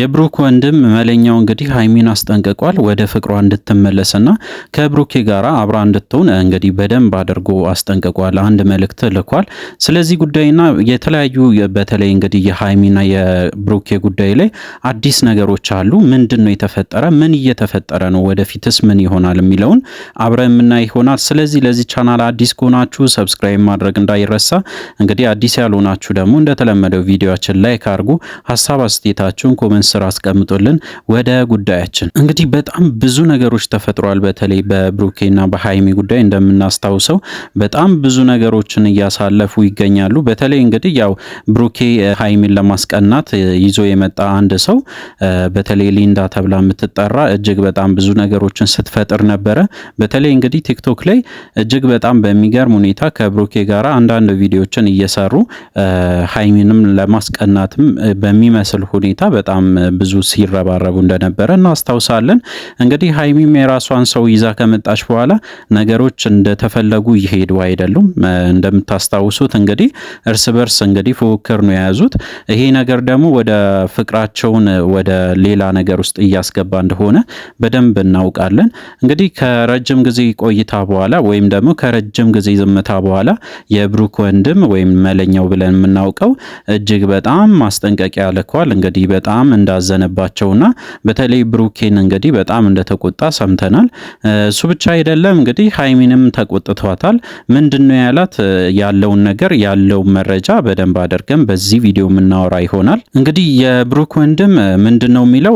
የብሩክ ወንድም መለኛው እንግዲህ ሀይሚን አስጠንቅቋል። ወደ ፍቅሯ እንድትመለስና ከብሩኬ ጋር አብራ እንድትሆን እንግዲህ በደንብ አድርጎ አስጠንቅቋል። አንድ መልእክት ልኳል። ስለዚህ ጉዳይና የተለያዩ በተለይ እንግዲህ የሀይሚና የብሩኬ ጉዳይ ላይ አዲስ ነገሮች አሉ። ምንድን ነው የተፈጠረ? ምን እየተፈጠረ ነው? ወደፊትስ ምን ይሆናል የሚለውን አብረ የምና ይሆናል። ስለዚህ ለዚህ ቻናል አዲስ ከሆናችሁ ሰብስክራይብ ማድረግ እንዳይረሳ። እንግዲህ አዲስ ያልሆናችሁ ደግሞ እንደተለመደው ቪዲዮችን ላይክ አድርጉ። ሀሳብ አስተያየታችሁን ኮመንት ኮሜንት ስር አስቀምጡልን። ወደ ጉዳያችን እንግዲህ በጣም ብዙ ነገሮች ተፈጥሯል። በተለይ በብሩኬና በሀይሚ ጉዳይ እንደምናስታውሰው በጣም ብዙ ነገሮችን እያሳለፉ ይገኛሉ። በተለይ እንግዲህ ያው ብሩኬ ሀይሚን ለማስቀናት ይዞ የመጣ አንድ ሰው በተለይ ሊንዳ ተብላ የምትጠራ እጅግ በጣም ብዙ ነገሮችን ስትፈጥር ነበረ። በተለይ እንግዲህ ቲክቶክ ላይ እጅግ በጣም በሚገርም ሁኔታ ከብሩኬ ጋር አንዳንድ ቪዲዮችን እየሰሩ ሀይሚንም ለማስቀናትም በሚመስል ሁኔታ በጣም ብዙ ሲረባረቡ እንደነበረ እናስታውሳለን። እንግዲህ ሀይሚም የራሷን ሰው ይዛ ከመጣች በኋላ ነገሮች እንደተፈለጉ እየሄዱ አይደሉም። እንደምታስታውሱት እንግዲህ እርስ በርስ እንግዲህ ፉክክር ነው የያዙት። ይሄ ነገር ደግሞ ወደ ፍቅራቸውን ወደ ሌላ ነገር ውስጥ እያስገባ እንደሆነ በደንብ እናውቃለን። እንግዲህ ከረጅም ጊዜ ቆይታ በኋላ ወይም ደግሞ ከረጅም ጊዜ ዝምታ በኋላ የብሩክ ወንድም ወይም መለኛው ብለን የምናውቀው እጅግ በጣም ማስጠንቀቂያ ልኳል። እንግዲህ በጣም እንዳዘነባቸውና በተለይ ብሩኬን እንግዲህ በጣም እንደተቆጣ ሰምተናል። እሱ ብቻ አይደለም እንግዲህ ሀይሚንም ተቆጥቷታል። ምንድነው ያላት ያለውን ነገር ያለውን መረጃ በደንብ አድርገን በዚህ ቪዲዮ የምናወራ ይሆናል። እንግዲህ የብሩክ ወንድም ምንድነው የሚለው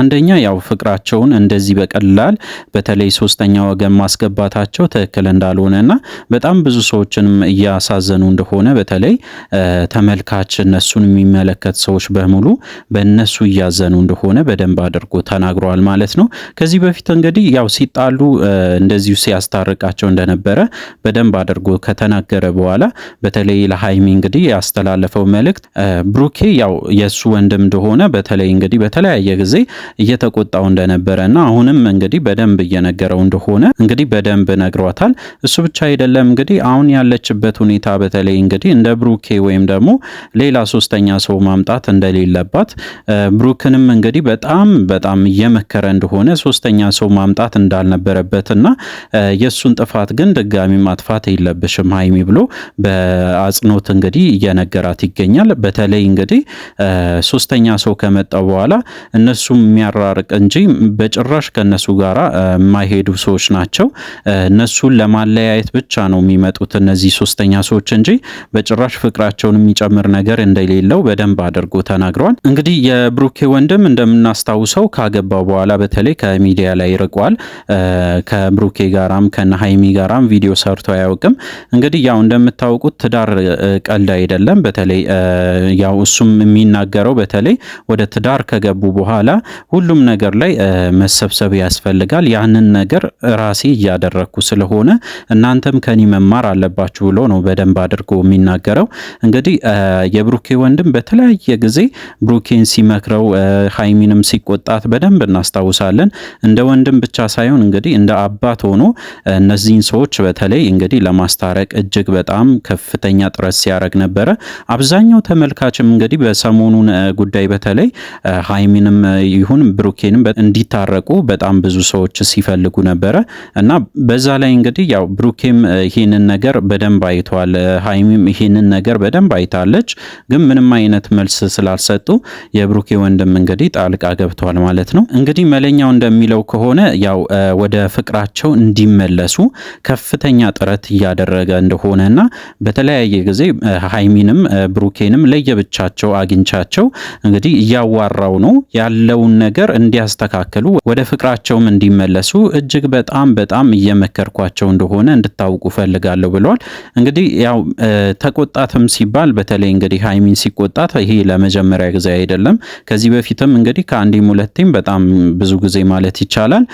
አንደኛ ያው ፍቅራቸውን እንደዚህ በቀላል በተለይ ሶስተኛ ወገን ማስገባታቸው ትክክል እንዳልሆነና በጣም ብዙ ሰዎችንም እያሳዘኑ እንደሆነ በተለይ ተመልካች እነሱን የሚመለከት ሰዎች በሙሉ በእነሱ እያዘኑ እንደሆነ በደንብ አድርጎ ተናግረዋል ማለት ነው። ከዚህ በፊት እንግዲህ ያው ሲጣሉ እንደዚሁ ሲያስታርቃቸው እንደነበረ በደንብ አድርጎ ከተናገረ በኋላ በተለይ ለሀይሚ እንግዲህ ያስተላለፈው መልእክት ብሩኬ ያው የእሱ ወንድም እንደሆነ በተለይ እንግዲህ በተለያየ ጊዜ እየተቆጣው እንደነበረ እና አሁንም እንግዲህ በደንብ እየነገረው እንደሆነ እንግዲህ በደንብ ነግሯታል። እሱ ብቻ አይደለም እንግዲህ አሁን ያለችበት ሁኔታ በተለይ እንግዲህ እንደ ብሩኬ ወይም ደግሞ ሌላ ሶስተኛ ሰው ማምጣት እንደሌለባት ብሩክንም እንግዲህ በጣም በጣም እየመከረ እንደሆነ ሶስተኛ ሰው ማምጣት እንዳልነበረበት እና የእሱን ጥፋት ግን ድጋሚ ማጥፋት የለብሽም ሀይሚ ብሎ በአጽንኦት እንግዲህ እየነገራት ይገኛል። በተለይ እንግዲህ ሶስተኛ ሰው ከመጣ በኋላ እነሱም የሚያራርቅ እንጂ በጭራሽ ከነሱ ጋራ የማይሄዱ ሰዎች ናቸው። እነሱን ለማለያየት ብቻ ነው የሚመጡት እነዚህ ሶስተኛ ሰዎች እንጂ በጭራሽ ፍቅራቸውን የሚጨምር ነገር እንደሌለው በደንብ አድርጎ ተናግረዋል። እንግዲህ የብሩኬ ወንድም እንደምናስታውሰው ካገባው በኋላ በተለይ ከሚዲያ ላይ ርቋል። ከብሩኬ ጋራም ከነሀይሚ ጋራም ቪዲዮ ሰርቶ አያውቅም። እንግዲህ ያው እንደምታውቁት ትዳር ቀልድ አይደለም። በተለይ ያው እሱም የሚናገረው በተለይ ወደ ትዳር ከገቡ በኋላ ሁሉም ነገር ላይ መሰብሰብ ያስፈልጋል። ያንን ነገር ራሴ እያደረግኩ ስለሆነ እናንተም ከኔ መማር አለባችሁ ብሎ ነው በደንብ አድርጎ የሚናገረው። እንግዲህ የብሩኬ ወንድም በተለያየ ጊዜ ብሩኬን ሲመክር ሲመክረው ሀይሚንም ሲቆጣት በደንብ እናስታውሳለን። እንደ ወንድም ብቻ ሳይሆን እንግዲህ እንደ አባት ሆኖ እነዚህን ሰዎች በተለይ እንግዲህ ለማስታረቅ እጅግ በጣም ከፍተኛ ጥረት ሲያደርግ ነበረ። አብዛኛው ተመልካችም እንግዲህ በሰሞኑን ጉዳይ በተለይ ሀይሚንም ይሁን ብሩኬንም እንዲታረቁ በጣም ብዙ ሰዎች ሲፈልጉ ነበረ እና በዛ ላይ እንግዲህ ያው ብሩኬም ይህንን ነገር በደንብ አይተዋል፣ ሀይሚም ይህንን ነገር በደንብ አይታለች። ግን ምንም አይነት መልስ ስላልሰጡ የብሩኬ ወንድም እንግዲህ ጣልቃ ገብተዋል ማለት ነው። እንግዲህ መለኛው እንደሚለው ከሆነ ያው ወደ ፍቅራቸው እንዲመለሱ ከፍተኛ ጥረት እያደረገ እንደሆነ እና በተለያየ ጊዜ ሀይሚንም ብሩኬንም ለየብቻቸው አግኝቻቸው እንግዲህ እያዋራው ነው ያለውን ነገር እንዲያስተካክሉ ወደ ፍቅራቸውም እንዲመለሱ እጅግ በጣም በጣም እየመከርኳቸው እንደሆነ እንድታውቁ ፈልጋለሁ ብለዋል። እንግዲህ ያው ተቆጣትም ሲባል በተለይ እንግዲህ ሀይሚን ሲቆጣት ይሄ ለመጀመሪያ ጊዜ አይደለም። ከዚህ በፊትም እንግዲህ ከአንዴም ሁለቴም በጣም ብዙ ጊዜ ማለት ይቻላል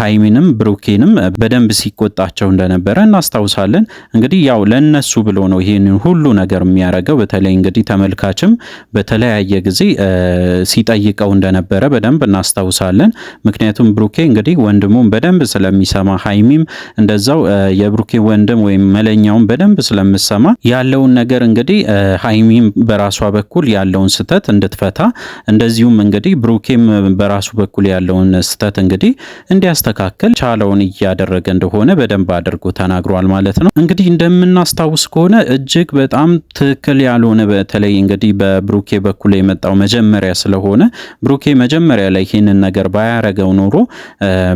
ሀይሚንም ብሩኬንም በደንብ ሲቆጣቸው እንደነበረ እናስታውሳለን። እንግዲህ ያው ለነሱ ብሎ ነው ይህንን ሁሉ ነገር የሚያደርገው። በተለይ እንግዲህ ተመልካችም በተለያየ ጊዜ ሲጠይቀው እንደነበረ በደንብ እናስታውሳለን። ምክንያቱም ብሩኬ እንግዲህ ወንድሙን በደንብ ስለሚሰማ፣ ሀይሚም እንደዛው የብሩኬ ወንድም ወይም መለኛውን በደንብ ስለምሰማ ያለውን ነገር እንግዲህ ሀይሚም በራሷ በኩል ያለውን ስህተት እንድትፈታ እንደዚሁም እንግዲህ ብሩኬም በራሱ በኩል ያለውን ስህተት እንግዲህ እንዲያስተካከል ቻለውን እያደረገ እንደሆነ በደንብ አድርጎ ተናግሯል ማለት ነው። እንግዲህ እንደምናስታውስ ከሆነ እጅግ በጣም ትክክል ያልሆነ በተለይ እንግዲህ በብሩኬ በኩል የመጣው መጀመሪያ ስለሆነ ብሩኬ መጀመሪያ ላይ ይህንን ነገር ባያረገው ኖሮ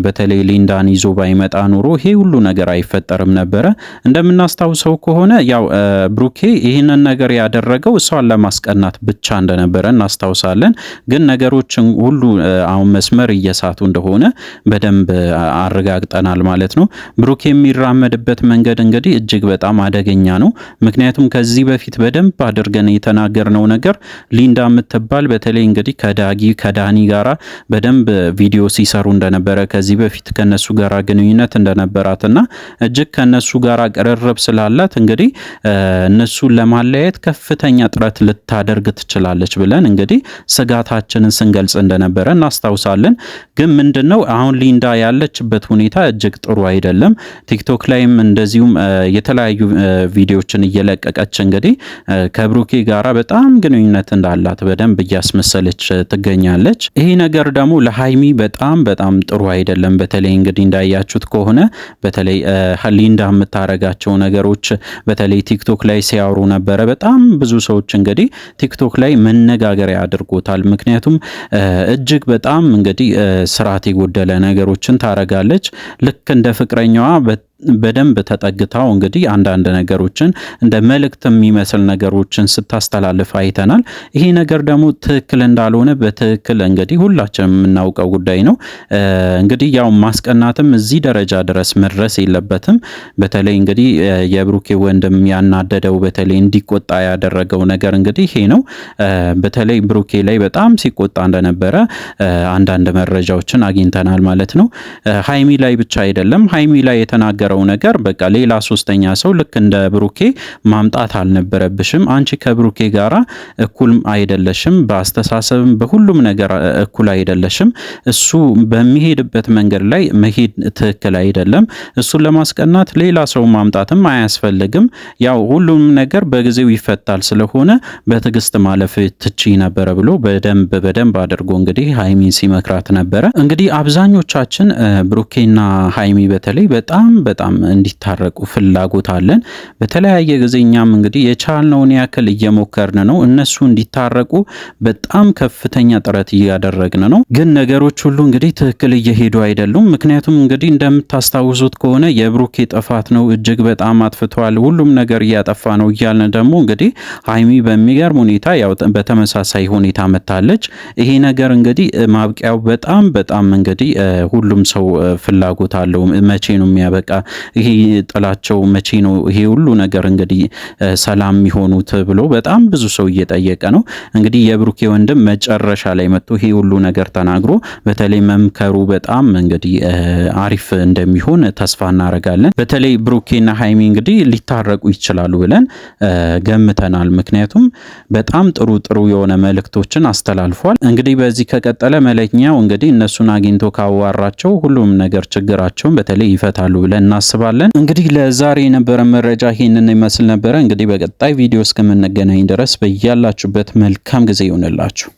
በተለይ ሊንዳን ይዞ ባይመጣ ኖሮ ይሄ ሁሉ ነገር አይፈጠርም ነበረ። እንደምናስታውሰው ከሆነ ያው ብሩኬ ይህንን ነገር ያደረገው እሷን ለማስቀናት ብቻ እንደነበረ እናስታውሳለን። ግን ነገሮችን ሁሉ አሁን መስመር እየሳቱ እንደሆነ በደንብ አረጋግጠናል ማለት ነው። ብሩክ የሚራመድበት መንገድ እንግዲህ እጅግ በጣም አደገኛ ነው። ምክንያቱም ከዚህ በፊት በደንብ አድርገን የተናገርነው ነገር ሊንዳ የምትባል በተለይ እንግዲህ ከዳጊ ከዳኒ ጋራ በደንብ ቪዲዮ ሲሰሩ እንደነበረ ከዚህ በፊት ከነሱ ጋራ ግንኙነት እንደነበራትና እጅግ ከነሱ ጋራ ቅርርብ ስላላት እንግዲህ እነሱን ለማለያየት ከፍተኛ ጥረት ልታደርግ ትችላለች ብለን እንግዲህ ስጋታችንን ስንገልጽ እንደነበረ እናስታውሳለን። ግን ምንድን ነው አሁን ሊንዳ ያለችበት ሁኔታ እጅግ ጥሩ አይደለም። ቲክቶክ ላይም እንደዚሁም የተለያዩ ቪዲዮዎችን እየለቀቀች እንግዲህ ከብሩኬ ጋራ በጣም ግንኙነት እንዳላት በደንብ እያስመሰለች ትገኛለች። ይህ ነገር ደግሞ ለሀይሚ በጣም በጣም ጥሩ አይደለም። በተለይ እንግዲህ እንዳያችሁት ከሆነ በተለይ ሊንዳ የምታረጋቸው ነገሮች በተለይ ቲክቶክ ላይ ሲያወሩ ነበረ። በጣም ብዙ ሰዎች እንግዲህ ቲክቶክ ላይ መነጋገሪያ አድርጎታል። ብለውታል። ምክንያቱም እጅግ በጣም እንግዲህ ስርዓት የጎደለ ነገሮችን ታረጋለች ልክ እንደ ፍቅረኛዋ በደንብ ተጠግታው እንግዲህ አንዳንድ ነገሮችን እንደ መልእክት የሚመስል ነገሮችን ስታስተላልፍ አይተናል። ይሄ ነገር ደግሞ ትክክል እንዳልሆነ በትክክል እንግዲህ ሁላችንም የምናውቀው ጉዳይ ነው። እንግዲህ ያው ማስቀናትም እዚህ ደረጃ ድረስ መድረስ የለበትም። በተለይ እንግዲህ የብሩኬ ወንድም ያናደደው በተለይ እንዲቆጣ ያደረገው ነገር እንግዲህ ይሄ ነው። በተለይ ብሩኬ ላይ በጣም ሲቆጣ እንደነበረ አንዳንድ መረጃዎችን አግኝተናል ማለት ነው። ሀይሚ ላይ ብቻ አይደለም ሀይሚ ላይ የተናገ የተናገረው ነገር በቃ ሌላ ሶስተኛ ሰው ልክ እንደ ብሩኬ ማምጣት አልነበረብሽም። አንቺ ከብሩኬ ጋራ እኩል አይደለሽም፣ በአስተሳሰብም በሁሉም ነገር እኩል አይደለሽም። እሱ በሚሄድበት መንገድ ላይ መሄድ ትክክል አይደለም። እሱን ለማስቀናት ሌላ ሰው ማምጣትም አያስፈልግም። ያው ሁሉም ነገር በጊዜው ይፈታል ስለሆነ በትዕግስት ማለፍ ትቺ ነበረ ብሎ በደንብ በደንብ አድርጎ እንግዲህ ሀይሚን ሲመክራት ነበረ። እንግዲህ አብዛኞቻችን ብሩኬና ሀይሚ በተለይ በጣም በጣም እንዲታረቁ ፍላጎት አለን። በተለያየ ጊዜ እኛም እንግዲህ የቻልነውን ያክል እየሞከርን ነው። እነሱ እንዲታረቁ በጣም ከፍተኛ ጥረት እያደረግን ነው። ግን ነገሮች ሁሉ እንግዲህ ትክክል እየሄዱ አይደሉም። ምክንያቱም እንግዲህ እንደምታስታውሱት ከሆነ የብሩኬ ጥፋት ነው፣ እጅግ በጣም አጥፍቷል ሁሉም ነገር እያጠፋ ነው እያልን ደግሞ እንግዲህ ሀይሚ በሚገርም ሁኔታ ያው በተመሳሳይ ሁኔታ መታለች። ይሄ ነገር እንግዲህ ማብቂያው በጣም በጣም እንግዲህ ሁሉም ሰው ፍላጎት አለው። መቼ ነው የሚያበቃ? ይሄ ጥላቸው መቼ ነው ይሄ ሁሉ ነገር እንግዲህ ሰላም የሚሆኑት ብሎ በጣም ብዙ ሰው እየጠየቀ ነው። እንግዲህ የብሩኬ ወንድም መጨረሻ ላይ መጥቶ ይሄ ሁሉ ነገር ተናግሮ በተለይ መምከሩ በጣም እንግዲህ አሪፍ እንደሚሆን ተስፋ እናደርጋለን። በተለይ ብሩኬና ሀይሚ እንግዲህ ሊታረቁ ይችላሉ ብለን ገምተናል። ምክንያቱም በጣም ጥሩ ጥሩ የሆነ መልእክቶችን አስተላልፏል። እንግዲህ በዚህ ከቀጠለ መለኛው እንግዲህ እነሱን አግኝቶ ካዋራቸው ሁሉም ነገር ችግራቸውን በተለይ ይፈታሉ ብለን እናስባለን። እንግዲህ ለዛሬ የነበረ መረጃ ይህንን ይመስል ነበረ። እንግዲህ በቀጣይ ቪዲዮ እስከምንገናኝ ድረስ በያላችሁበት መልካም ጊዜ ይሆንላችሁ።